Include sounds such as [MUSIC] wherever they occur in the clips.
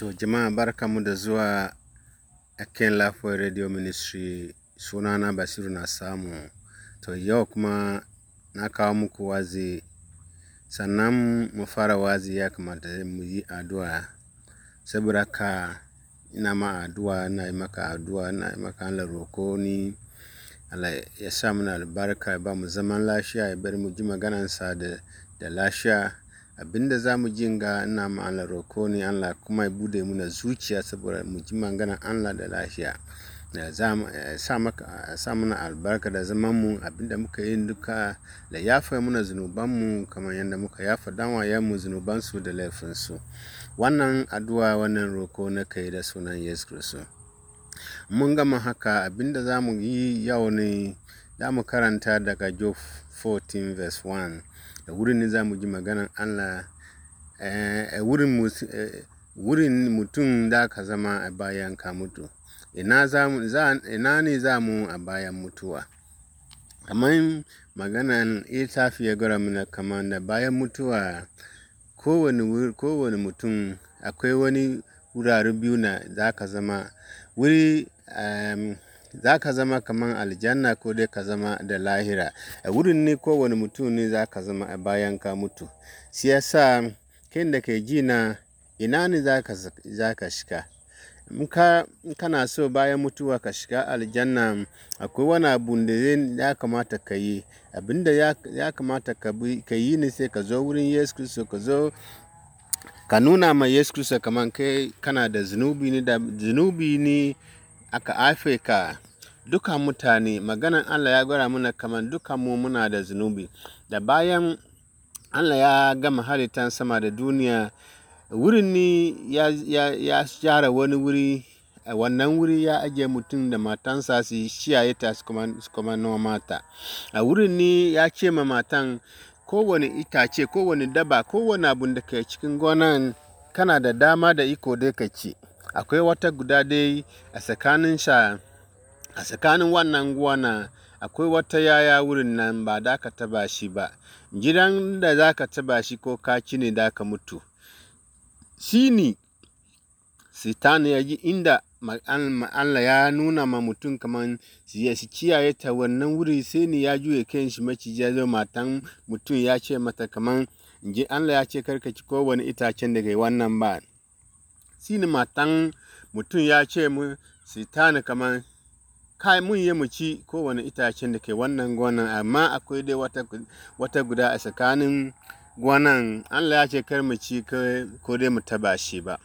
To jama'a mu da zuwa Aken Lafoy Radio Ministry sunana Basiru na samu. To yau kuma na kawo muku wazi sannan mu fara wazi ya kamata mu yi addu'a saboda ka ina ma addu'a ina yi maka addu'a ina yi maka Allah roko ni Allah ya sa mana albarka ba mu zaman lafiya ya bar mu ji sa da da lafiya abinda za mu ji ga ina ma Allah roko ne Allah kuma ya bude muna zuciya saboda mu ji maganar Allah da lafiya da za sa mana albarka da zaman mu abinda muka yi duka da yafa muna zunuban mu kamar yadda muka yafa dan wayan mu zunuban su da laifin su wannan addu'a wannan roko na kai da sunan Yesu Kristo mun gama haka abinda za mu yi yau ne za mu karanta daga Job 14 verse 1 wurin ne za mu ji maganan Allah eh, eh, eh, wurin mutum da ka zama a bayan ka mutu ina ne za mu a bayan mutuwa kamar maganan itafi ya gara mana kamar da bayan mutuwa kowane mutum akwai wani wurare biyu na za ka zama wuri um, za ka zama kamar aljanna ko dai ka zama da lahira a wurin ne kowane mutum ne za ka zama a bayan ka mutu shi yasa kai da ke ji na ina ne za ka shiga in kana so bayan mutuwa ka shika aljanna akwai wani abu da ya kamata ka yi abinda ya kamata ka yi ne sai ka zo wurin yesu kristo ka zo ka nuna ma yesu kristo kamar kai kana da zunubi ne aka haife ka dukan mutane maganan Allah ya gwada mana kamar mu muna da zunubi da bayan Allah ya gama halittar sama da duniya wurin ni ya gyara wani wuri eh, wannan wuri ya ajiye mutum da matansa su shiyaye ta su kuma noma a wurin ni ya ce ma matan kowane itace kowane daba kowane abun da ke cikin gonan kana da dama da iko dai ka ci akwai wata guda dai a tsakanin sha a tsakanin wannan gona akwai wata yaya wurin nan ba da ka taba shi ba gidan da za ka taba shi ko ka ci ne da ka mutu shi ne sitani ya ji inda Allah ya nuna ma mutum kaman ya shi kiyaye ta wannan wuri sai ne ya juye kayan shi maciji ya zo matan mutum ya ce mata kaman in ji Allah ya ce karka ci kowane itacen daga wannan ba sini matan mutum ya ce mu su tana kamar kai mun yi mu ci kowane itacen da ke wannan gonan amma akwai dai wata, guda a tsakanin gonan Allah ya ce kar mu ci ko dai mu taba shi ba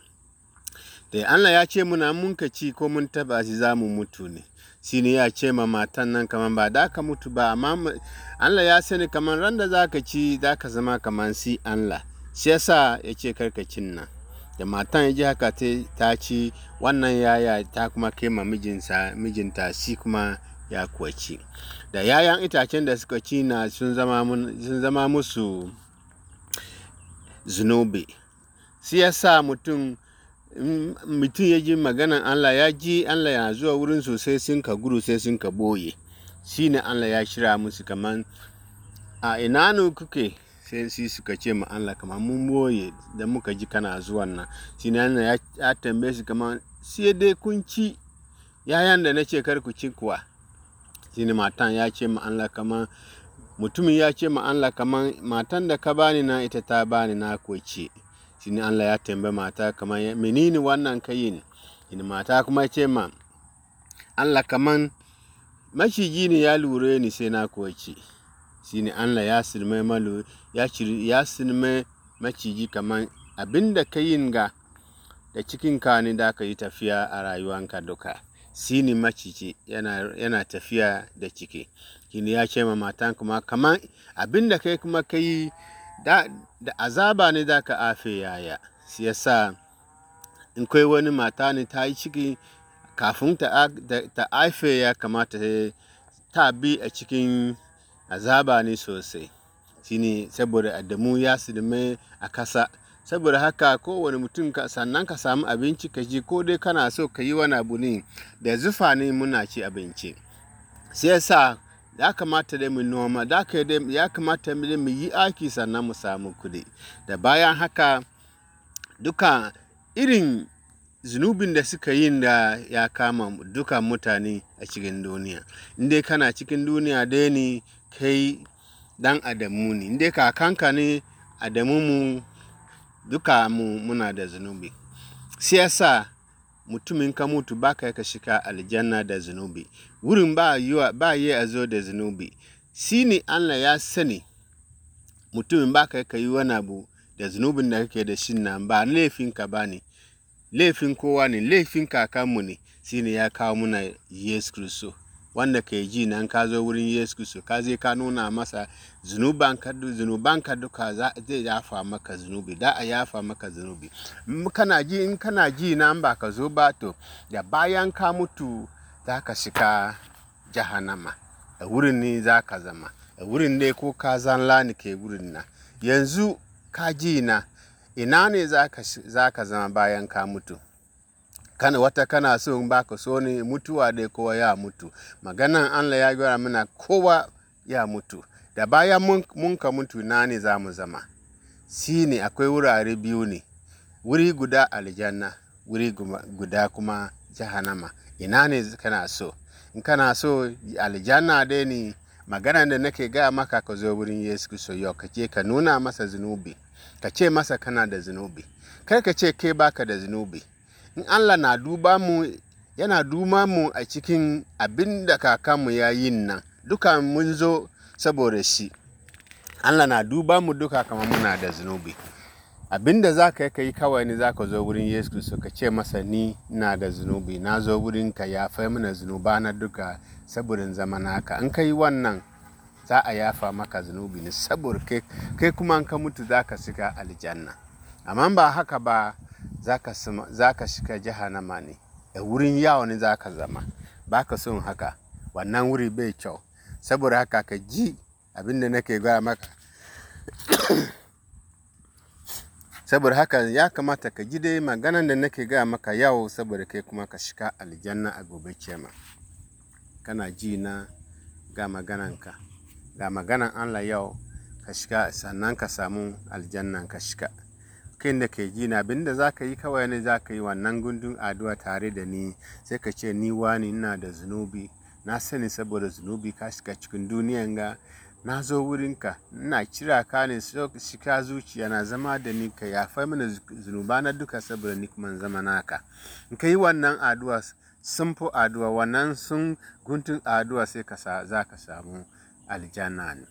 da Allah ya ce muna mun ka ci ko mun taba shi za mu mutu ne sini ya ce ma matan nan kamar ba da ka mutu ba amma Allah ya sani kamar ran da za ka ci za ka zama kamar si Allah shi yasa ya ce karkacin nan da matan ya ji haka ta ci wannan yaya ta kuma kai ma mijinta shi kuma ya kuwa ci da yayan itacen da suka ci na sun zama musu zunubi sai ya sa mutum mutum ya ji maganan Allah ya ji Allah yana zuwa wurin su sai sun ka guru sai sun ka boye shi ne Allah ya shira musu kaman a ina ne kuke sai su suka ce ma Allah kamar mun boye da muka ji kana zuwan nan shi ne Allah ya tambaye su kamar sai dai kun ci yayan da ce kar ku ci kuwa shi ne matan ya ce ma Allah kamar mutumin ya ce ma Allah kamar matan da ka bani na ita ta bani na ko ci shi ne Allah ya tambaye mata kamar menene wannan kai ne shi mata kuma ce ma Allah kamar maciji ne ya lura ni sai na ko ci. shine Allah ya sirme malo ya ya sirme maciji kaman abinda ka yin ga da cikin ka ne da ka yi tafiya a rayuwanka duka shine maciji yana yana tafiya da ciki shine ya ce ma matan kuma kaman abinda kai kuma ka yi da, da azaba ne da ka afe yaya shi yasa in kai wani mata ne ta yi ciki kafin ta, ta, ta aife ya kamata ta bi a cikin azaba ne sosai shine saboda Adamu ya silme a kasa saboda haka kowane mutum sannan ka samu abinci ka ji ko dai kana so ka yi wani abu ne da zufa ne muna ci abinci sai yasa ya kamata da mu noma ya kamata da mu yi aiki sannan mu samu kuɗi da bayan haka duka irin zunubin da suka yi da ya kama duka mutane a cikin duniya in dai kana cikin duniya dai ne kai dan Adamu ne, inda kakanka ne Adamu mu duka mu muna da zunubi. Sai yasa mutumin ka mutu ba ka shiga aljanna da zunubi, wurin ba yiwa ba yi a zo da zunubi. Shi ne Allah ya sani mutumin ba ka yi wani abu da zunubin da kake da shi nan ba ka ba ne. laifin kowa ne laifin kakanmu ne ne ya kawo muna yesu kristo wanda ka ji nan ka zo wurin Yesu su ka je ka nuna masa zunubanka ka duka zai yafa maka zunubi da a yafa maka zunubi kana ji in kana ji nan ba ka zo ba to da bayan ka mutu za ka shiga jahannama a wurin ne za ka zama a wurin ne ko ka zanla ni ke wurin na, yanzu ka ji na ina ne za ka zama bayan ka mutu kana wata kana so in ba baka so ne mutuwa dai kowa ya mutu maganan Allah ya gwara mana kowa ya mutu da bayan mun ka mutu na ne za mu zama si ne akwai wurare biyu ne wuri guda aljanna wuri guda kuma jahannama ina ne kana so in kana so aljanna dai ne magana da nake gaya maka ka zo wurin yesu kristo yau ka je ka nuna masa zunubi ka ce masa kana da zunubi kar ka ce ke baka da zunubi in Allah na duba mu yana duma mu a cikin abin da kakanmu ya yi nan duka mun zo saboda shi Allah na duba mu duka kama muna da zunubi abin da za ka yi kawai ne za ka zo wurin yesu kristo ka ce masa ni na da zunubi na zo wurin ka yafa mana zunuba na duka saboda zama naka in ka yi wannan za a yafa maka zunubi ne saboda kai kuma an ka mutu za ka shiga aljanna amma ba haka ba za ka shiga jahannama ne A wurin yawo ne za ka zama ba ka son haka wannan wuri bai kyau saboda haka ka ji abinda da nake gaya maka [COUGHS] saboda haka ya kamata ka ji dai maganan da nake gaya maka yawo saboda kai kuma ka shiga aljanna a gobe kiyama kana ji na ga magananka ga maganan allah yau ka shiga sannan ka samu aljannan ka shiga kai da kai jina abinda za ka yi kawai ne za ka yi wannan gundun addu'a tare da ni sai ka ce ni wani ina da zunubi na sani saboda zunubi ka shiga cikin duniyan ga na zo wurinka ina kira ka ne ka zuciya na zama da ni ka yafa mana zunuba na duka saboda ni kuma zama naka in ka yi wannan addu'a sun fi addu'a wannan sun guntun addu'a sai ka za ka samu aljanna ne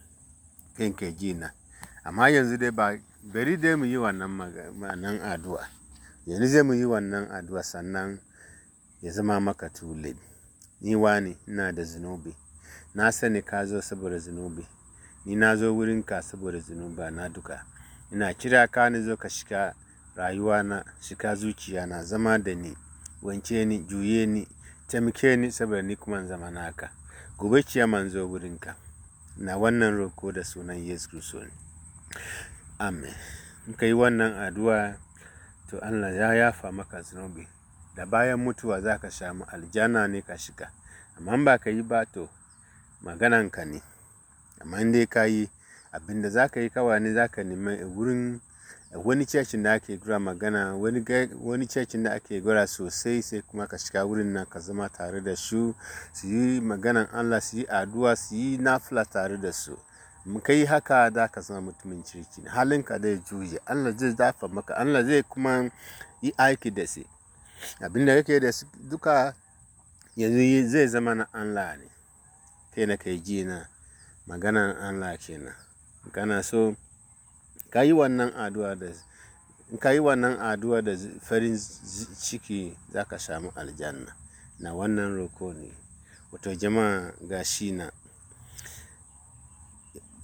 kai ke ji na amma yanzu dai ba bari dai mu yi wannan maganan addu'a yanzu zai mu yi wannan addu'a sannan ya zama maka tule ni wani ina da zunubi na sani ka zo saboda zunubi ni na zo wurin ka saboda zunuba na duka ina kira ka ni zo ka shiga rayuwa na shiga zuciya na zama da ni wance ni juye ni taimake ni saboda ni kuma zama naka gobe ciya manzo ka, na wannan roko da sunan yesu kristo Amin. In ka yi wannan addu'a to Allah ya yafa maka zunubi. Da bayan mutuwa za ka samu aljanna ne ka shiga. Amma ba ka yi ba to magananka ne. Amma inda dai ka yi, abin da za ka yi kawai ne za ka nemi a wurin wani cecin da ake gura magana, wani, cecin da ake gura sosai sai kuma ka shiga wurin nan ka zama tare da su, su yi maganan Allah, su yi addu'a, su yi nafila tare da su. kai haka za ka zama mutumin kirki halinka zai juye allah zai zafa maka allah zai kuma yi aiki da shi abinda kake da su duka yanzu zai zama na allah ne kai na kai ji na magana allah kenan kana so ka yi wannan addu'a da in wannan addu'a da farin ciki za ka samu aljanna na wannan roko ne wato jama'a ga shi na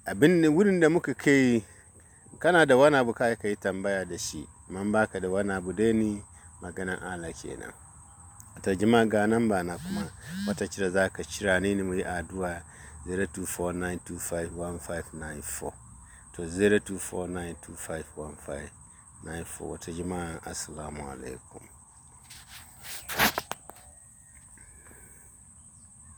abin wurin da muka kai kana da wani abu ka yi tambaya da shi man baka da wani abu dai ni maganan Allah kenan ta jima ga nan ba na kuma wata cire za ka cira ne ni mu yi addu'a 0249251594 to 0249251594 wata jima assalamu alaikum